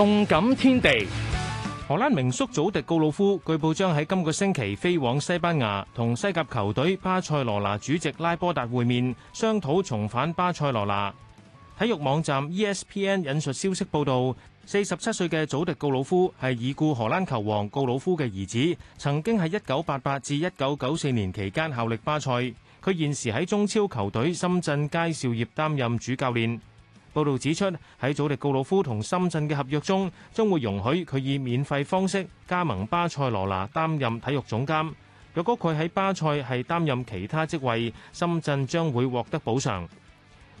動感天地，荷蘭名宿祖迪告魯夫據報將喺今個星期飛往西班牙，同西甲球隊巴塞羅那主席拉波達會面，商討重返巴塞羅那。體育網站 ESPN 引述消息報道，四十七歲嘅祖迪告魯夫係已故荷蘭球王告魯夫嘅兒子，曾經喺一九八八至一九九四年期間效力巴塞，佢現時喺中超球隊深圳佳兆業擔任主教練。報道指出，喺祖迪告魯夫同深圳嘅合約中，將會容許佢以免費方式加盟巴塞羅那擔任體育總監。若果佢喺巴塞係擔任其他職位，深圳將會獲得補償。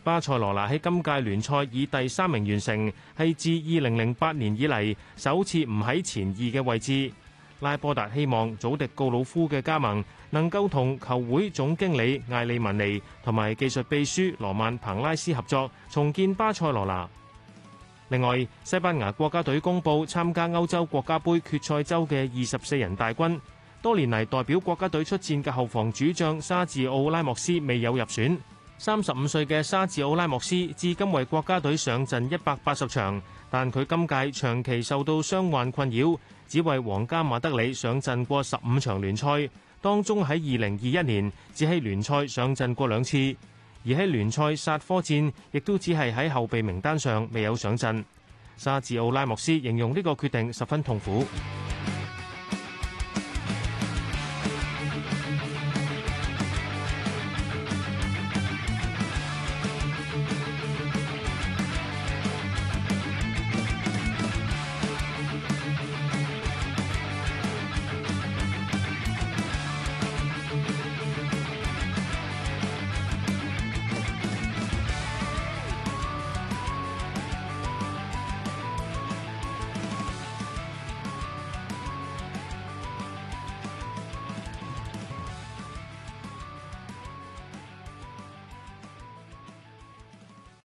巴塞羅那喺今屆聯賽以第三名完成，係自二零零八年以嚟首次唔喺前二嘅位置。拉波達希望祖迪告魯夫嘅加盟能夠同球會總經理艾利文尼同埋技術秘書羅曼彭拉斯合作重建巴塞羅那。另外，西班牙國家隊公布參加歐洲國家杯決賽周嘅二十四人大軍，多年嚟代表國家隊出戰嘅後防主將沙治奧拉莫斯未有入選。三十五歲嘅沙治奧拉莫斯至今為國家隊上陣一百八十場，但佢今屆長期受到傷患困擾，只為皇家馬德里上陣過十五場聯賽，當中喺二零二一年只喺聯賽上陣過兩次，而喺聯賽殺科戰亦都只係喺後備名單上未有上陣。沙治奧拉莫斯形容呢個決定十分痛苦。